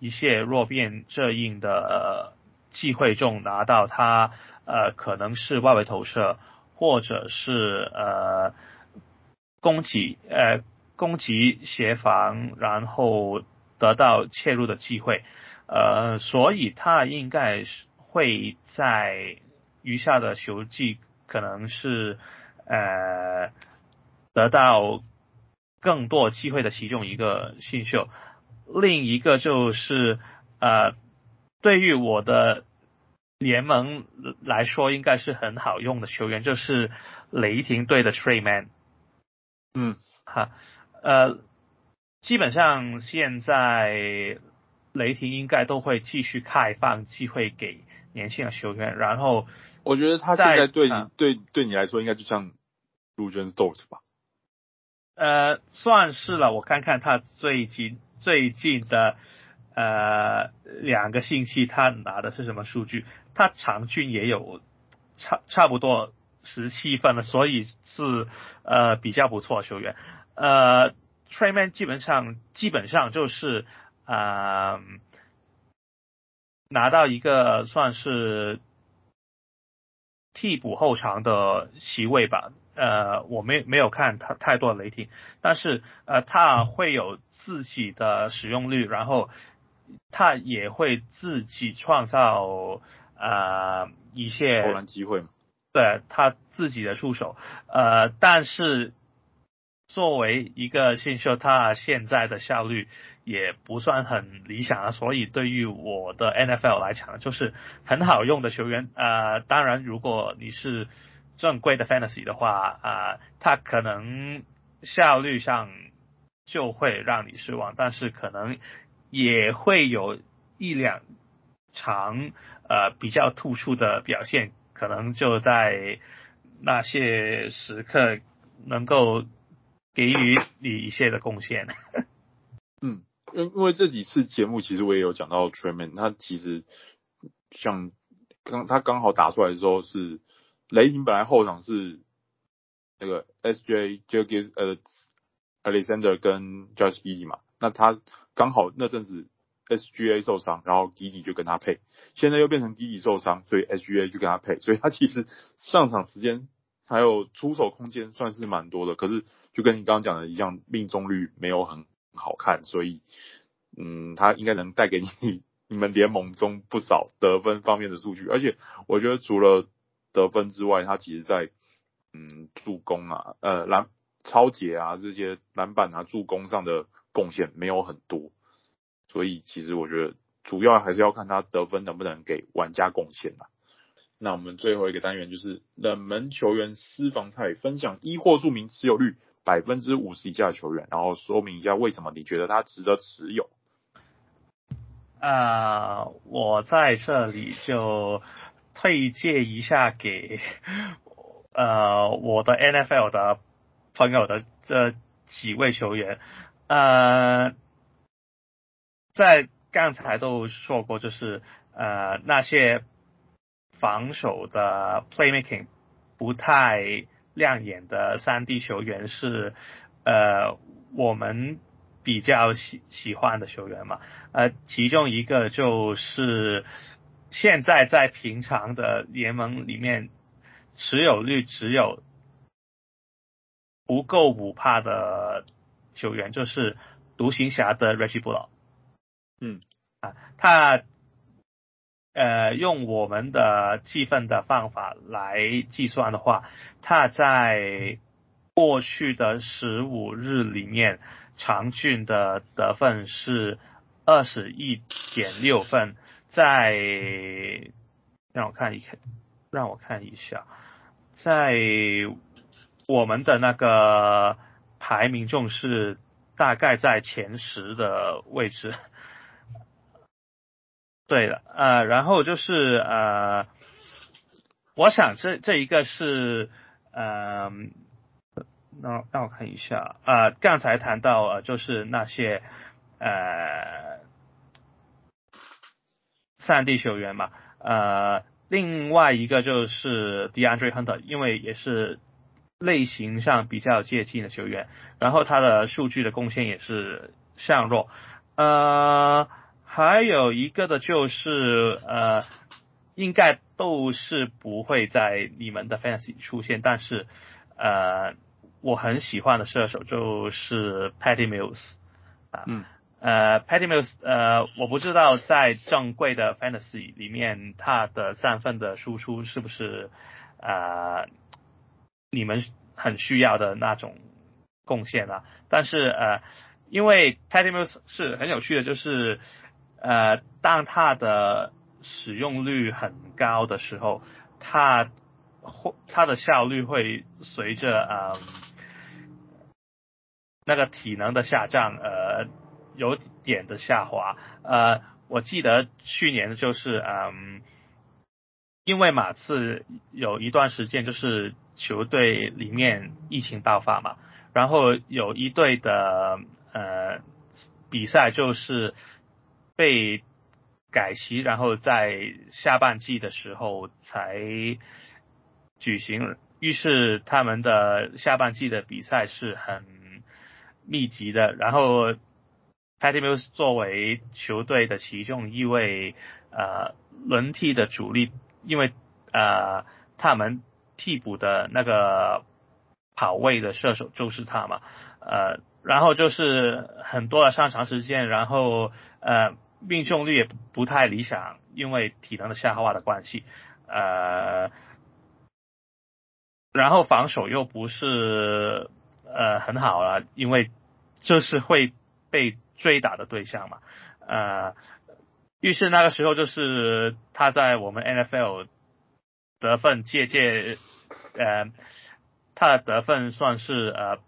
一些弱變這應的。呃機會中拿到他，呃，可能是外圍投射，或者是呃，攻擊呃，攻擊協防，然後得到切入的機會，呃，所以他應該是會在餘下的球季可能是呃得到更多機會的其中一個新秀，另一個就是呃。對於我的聯盟來說，應該是很好用的球員，就是雷霆隊的 Tre Mann。嗯，哈、啊，呃，基本上現在雷霆應該都會繼續開放機會給年輕的球員。然後，我覺得他現在對、啊、對對，對你來說，應該就像 Luguentz Dort 吧？呃、啊，算是了。我看看他最近最近的。呃，兩個星期他拿的是什麼數據？他場均也有差差不多十七分了，所以是呃比較不錯球員。呃 Tre Mann 基本上，基本上就是啊、呃、拿到一個算是替補後場的席位吧。呃，我沒沒有看他太多的雷霆，但是呃他會有自己的使用率，然後。他也會自己創造呃一些機會嘛，對他自己的出手，呃，但是作為一個新秀，他現在的效率也不算很理想啊。所以對於我的 NFL 來講，就是很好用的球員。呃，當然，如果你是正規的 Fantasy 的話啊，呃，他可能效率上就會讓你失望，但是可能。也會有一兩場呃比較突出的表現，可能就在那些時刻能夠給予你一些的貢獻。嗯，因因為這幾次節目其實我也有講到，Tre Mann 他其實像剛他剛好打出來的時候是雷霆本來後場是那個 Shai Gilgeous 呃 Alexander 跟 Josh Giddey 嘛。那他剛好那陣子 S G A 受傷，然後迪迪就跟他配。現在又變成迪迪受傷，所以 S G A 就跟他配。所以他其實上場時間還有出手空間算是蠻多的。可是就跟你剛剛講的一樣，命中率沒有很好看。所以嗯，他應該能帶給你你們聯盟中不少得分方面的數據。而且我覺得除了得分之外，他其實在嗯助攻啊、呃籃抄截啊這些籃板啊、助攻上的。貢獻沒有很多，所以其實我覺得主要還是要看他得分能不能給玩家貢獻吧、啊。那我們最後一個單元就是冷門球員私房菜，分享一或數名持有率百分之五十以下的球員，然後說明一下為什麼你覺得他值得持有。啊、呃，我在這裡就推介一下給呃我的 NFL 的朋友的這幾位球員。呃，在剛才都說過，就是呃那些防守的 playmaking 不太亮眼的三 D 球員是呃我們比較喜喜歡的球員嘛。呃，其中一個就是現在在平常的聯盟裡面持有率只有不夠五帕的。球員就是獨行俠的 Reggie Bullock，e 嗯，啊，他呃用我們的計分的方法來計算的話，他在過去的十五日裡面，嗯、場均的得分是二十一點六分。在讓我看一看，讓我看一下，在我們的那個。排名中是大概在前十的位置。對了，呃，然後就是呃，我想這這一個是呃，那讓，讓我看一下啊、呃，剛才談到呃，就是那些呃，3D 球員嘛，呃，另外一個就是 DeAndre Hunter，因為也是。類型上比較接近的球員，然後他的數據的貢獻也是向弱。呃，還有一個的就是呃，應該都是不會在你們的 fantasy 出現，但是呃，我很喜歡的射手就是 Patty Mills 啊，呃、嗯，呃 Patty Mills，呃，我不知道在正規的 fantasy 裡面他的三分的輸出是不是啊。呃你們很需要的那種貢獻啊，但是呃，因為 Patty Mills 是很有趣的，就是呃，當它的使用率很高的時候，它會它的效率會隨着呃那個體能的下降，呃，有點的下滑。呃，我記得去年就是嗯、呃，因為馬刺有一段時間就是。球隊裡面疫情爆發嘛，然後有一隊的呃比賽就是被改期，然後在下半季的時候才舉行，於是他們的下半季的比賽是很密集的。然後，Patty Mills 作為球隊的其中一位呃輪替的主力，因為呃他們。替補的那個跑位的射手就是他嘛，呃，然後就是很多的上場時間，然後呃命中率也不太理想，因為體能的下滑的關係，呃，然後防守又不是呃很好了，啊，因為這是會被追打的對象嘛，呃，於是那個時候就是他在我們 NFL。得分，借借，呃，他的得分算是呃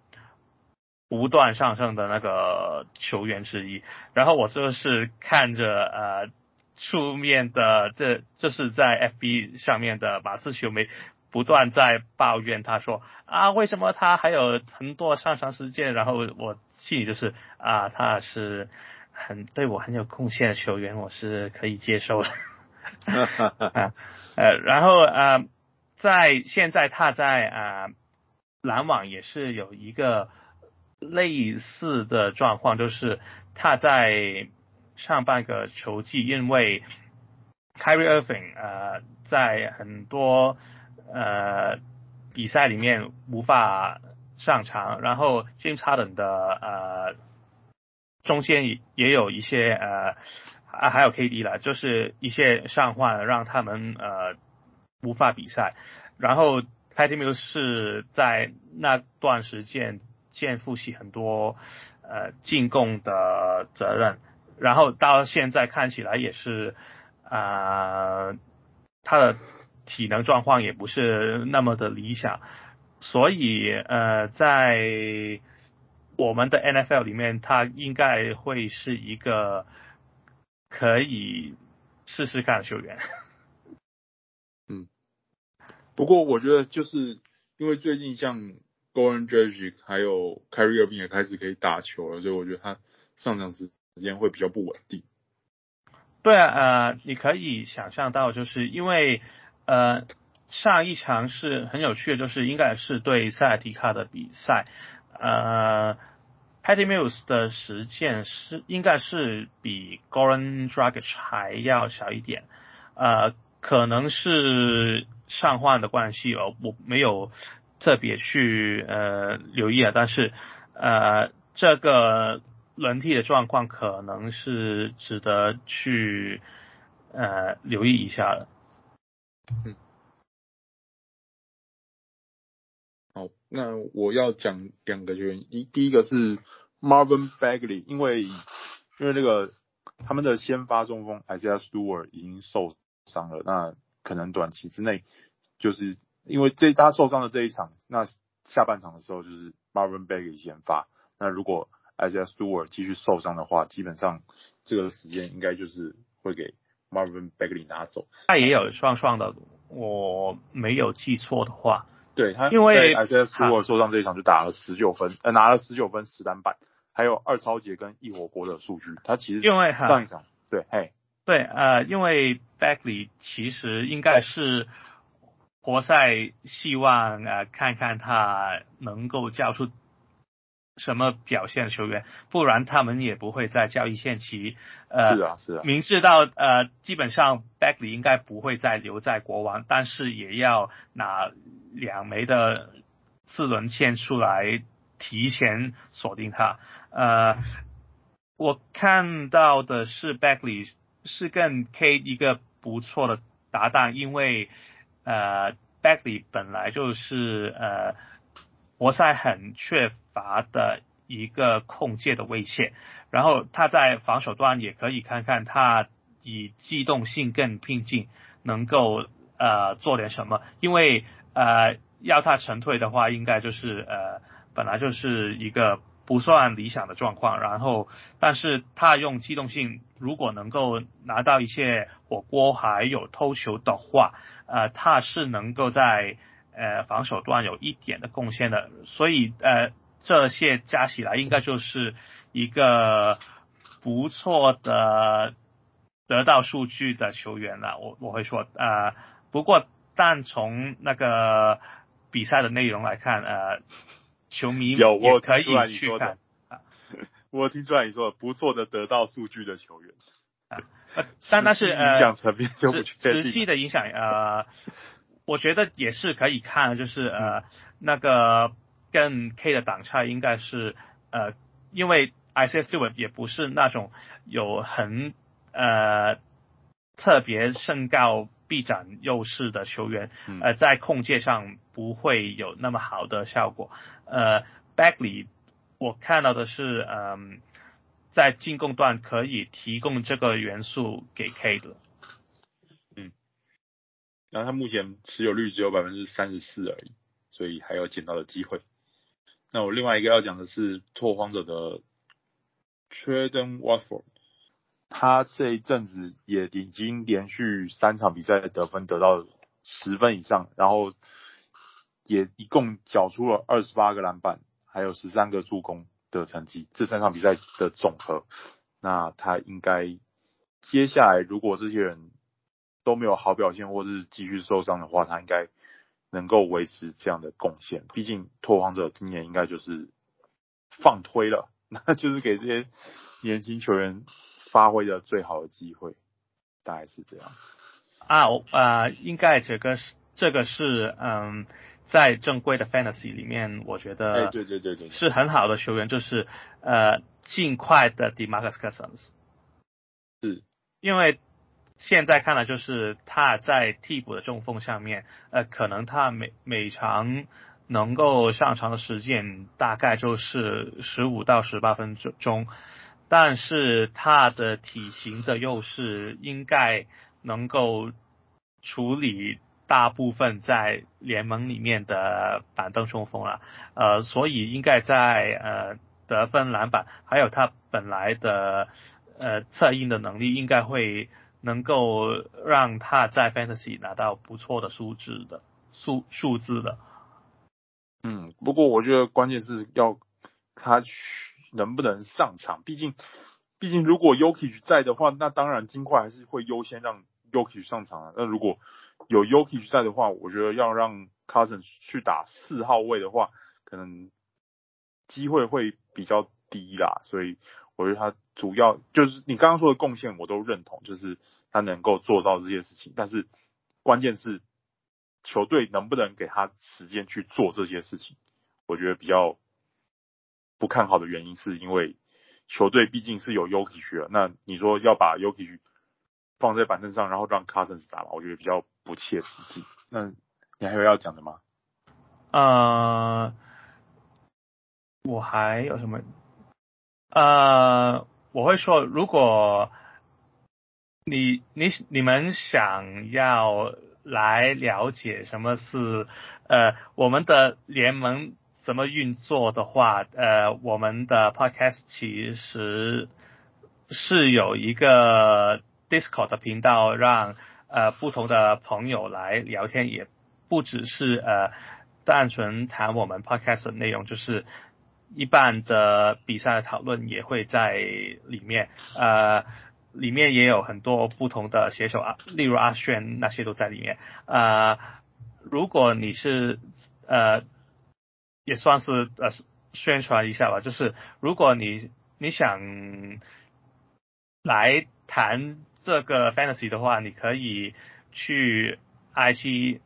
不斷上升的那個球員之一。然後我就是看着呃，出面的這這、就是在 F B 上面的馬刺球迷不斷在抱怨，他說啊，為什麼他還有很多上場時間？然後我心裡就是啊，他是很對我很有貢獻的球員，我是可以接受的。 呃，然後呃，在現在他在啊、呃，籃網也是有一個類似的狀況，就是他在上半個球季，因為 Kyrie Irving 呃在很多呃比賽裡面無法上場，然後 James Harden 的呃中間也有一些呃。啊，還有 K D 了，就是一些傷患，讓他們呃無法比賽。然後 Tatum 是在那段時間肩負起很多呃進攻的責任，然後到現在看起來也是啊、呃，他的體能狀況也不是那麼的理想，所以呃，在我們的 N F L 裡面，他應該會是一個。可以試試看，球員。嗯，不過我覺得就是因為最近像 Goran Dragic 還有 Kyrie Irving 也開始可以打球了，所以我覺得他上場時時間會比較不穩定。對啊，呃，你可以想象到，就是因為呃上一場是很有趣的，就是應該是對塞爾提卡的比賽，呃。Eddie Mills 的時間是應該是比 Goran Dragic 還要小一點，呃，可能是上換的關係哦，我沒有特別去呃留意啊，但是呃，這個輪替的狀況可能是值得去呃留意一下的。嗯，好，那我要講兩個原因，一第一個是，Marvin Bagley，因為因為那、這個他們的先發中鋒 Isaiah Stewart 已經受傷了，那可能短期之內就是因為這他受傷的這一場，那下半場的時候就是 Marvin Bagley 先發。那如果 Isaiah Stewart 繼續受傷的話，基本上這個時間應該就是會給 Marvin Bagley 拿走。他也有雙雙的，我沒有記錯的話。對，他在因為 S.S. 如果受傷這一場就打了十九分，呃，拿了十九分十籃板，還有二抄截跟一火鍋的數據，他其實上一場因為對，嘿、嗯、對，嗯、呃，因為 Bagley 其實應該是活塞希望啊對、呃，看看他能夠交出。什麼表現球員，不然他們也不會在交易限期，呃，是啊，是啊，明知道呃，基本上 Bagley 應該不會再留在國王，但是也要拿兩枚的四輪簽出來提前鎖定他。呃，我看到的是 Bagley 是跟 K 一個不錯的搭檔，因為呃 Bagley 本來就是呃，活塞很缺。達的一個控界的威脅，然後他在防守端也可以看看他以機動性更拼勁，能夠呃做點什麼，因為呃要他沉退的話，應該就是呃本來就是一個不算理想的狀況，然後但是他用機動性如果能夠拿到一些火鍋還有偷球的話，呃他是能夠在呃防守端有一點的貢獻的，所以呃。這些加起來應該就是一個不錯的得到數據的球員了，我我會說，呃，不過但從那個比賽的內容來看，呃，球迷也可以去看。我聽出來你說、啊說，不錯的得到數據的球員啊，三、呃，但，但是呃，是實、呃、實際的影響，呃， 我覺得也是可以看，就是呃，嗯、那個。跟 K 的擋拆應該是呃，因為 Isaiah Stewart 也不是那種有很呃特別身高臂展優勢的球員，呃，在控界上不會有那麼好的效果。呃，Bagley 我看到的是嗯、呃，在進攻段可以提供這個元素給 K 的。嗯，然後他目前持有率只有百分之三十四而已，所以還有撿到的機會。那我另外一個要講的是拓荒者的 Trendon Watford，他這一陣子也已經連續三場比賽得分得到十分以上，然後也一共繳出了二十八個籃板，還有十三個助攻的成績，這三場比賽的總和。那他應該接下來如果這些人都沒有好表現，或是繼續受傷的話，他應該。能夠維持這樣的貢獻，畢竟拓荒者今年應該就是放推了，那就是給這些年輕球員發揮的最好的機會，大概是這樣啊啊，呃、應該這個是這個是嗯、呃，在正規的 Fantasy 裡面，我覺得對對對對對，是很好的球員，就是呃，盡快的 DeMarcus Cousins，是因為。現在看來，就是他在替補的中鋒上面，呃，可能他每每場能夠上場的時間大概就是十五到十八分鐘，但是他的體型的優勢應該能夠處理大部分在聯盟裡面的板凳中鋒了，呃，所以應該在呃得分、籃板，還有他本來的呃策應的能力應該會。能夠讓他在 fantasy 拿到不錯的數值的數數字的，嗯，不過我覺得關鍵是要他能不能上場，畢竟畢竟如果 Yokic 在的話，那當然金塊還是會優先讓 Yokic 上場啊。那如果有 Yokic 在的話，我覺得要讓 Carson 去打四號位的話，可能機會會比較低啦，所以。我覺得他主要就是你剛剛說的貢獻，我都認同，就是他能夠做到這些事情。但是關鍵是球隊能不能給他時間去做這些事情？我覺得比較不看好的原因，是因為球隊畢竟是有 Jokic 了。那你說要把 Jokic 放在板凳上，然後讓 Cousins 打嘛？我覺得比較不切實際。那你還有要講的嗎？啊、呃，我還有什麼？呃，我會說，如果你你你們想要來了解什麼是呃我們的聯盟怎麼運作的話，呃，我們的 podcast 其實是有一個 Discord 的頻道讓，讓呃不同的朋友來聊天，也不只是呃單純談我們 podcast 的內容，就是。一般的比賽的討論也會在裡面，呃，裡面也有很多不同的寫手啊，例如阿軒那些都在裡面啊，呃。如果你是呃，也算是呃宣傳一下吧，就是如果你你想來談這個 fantasy 的話，你可以去 I G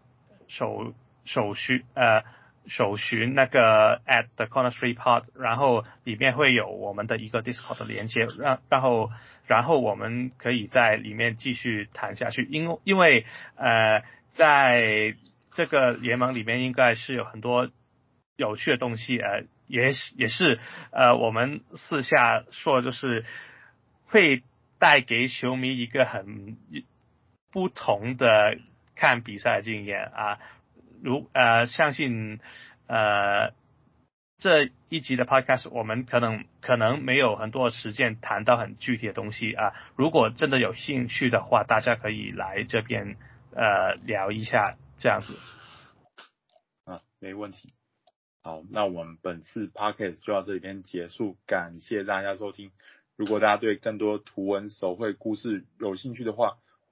手手續呃。搜尋那個 at the corner street part，然後裡面會有我們的一個 Discord 的連接，然然後然後我們可以在裡面繼續談下去，因因為呃在這個聯盟裡面應該是有很多有趣的東西，呃也也是呃我們私下說就是會帶給球迷一個很不同的看比賽的經驗啊。如呃，相信呃這一集的 podcast，我們可能可能沒有很多時間談到很具體的東西啊。如果真的有興趣的話，大家可以來這邊呃聊一下這樣子。啊沒問題。好，那我們本次 podcast 就到這裡邊結束，感謝大家收聽。如果大家對更多圖文手繪故事有興趣的話，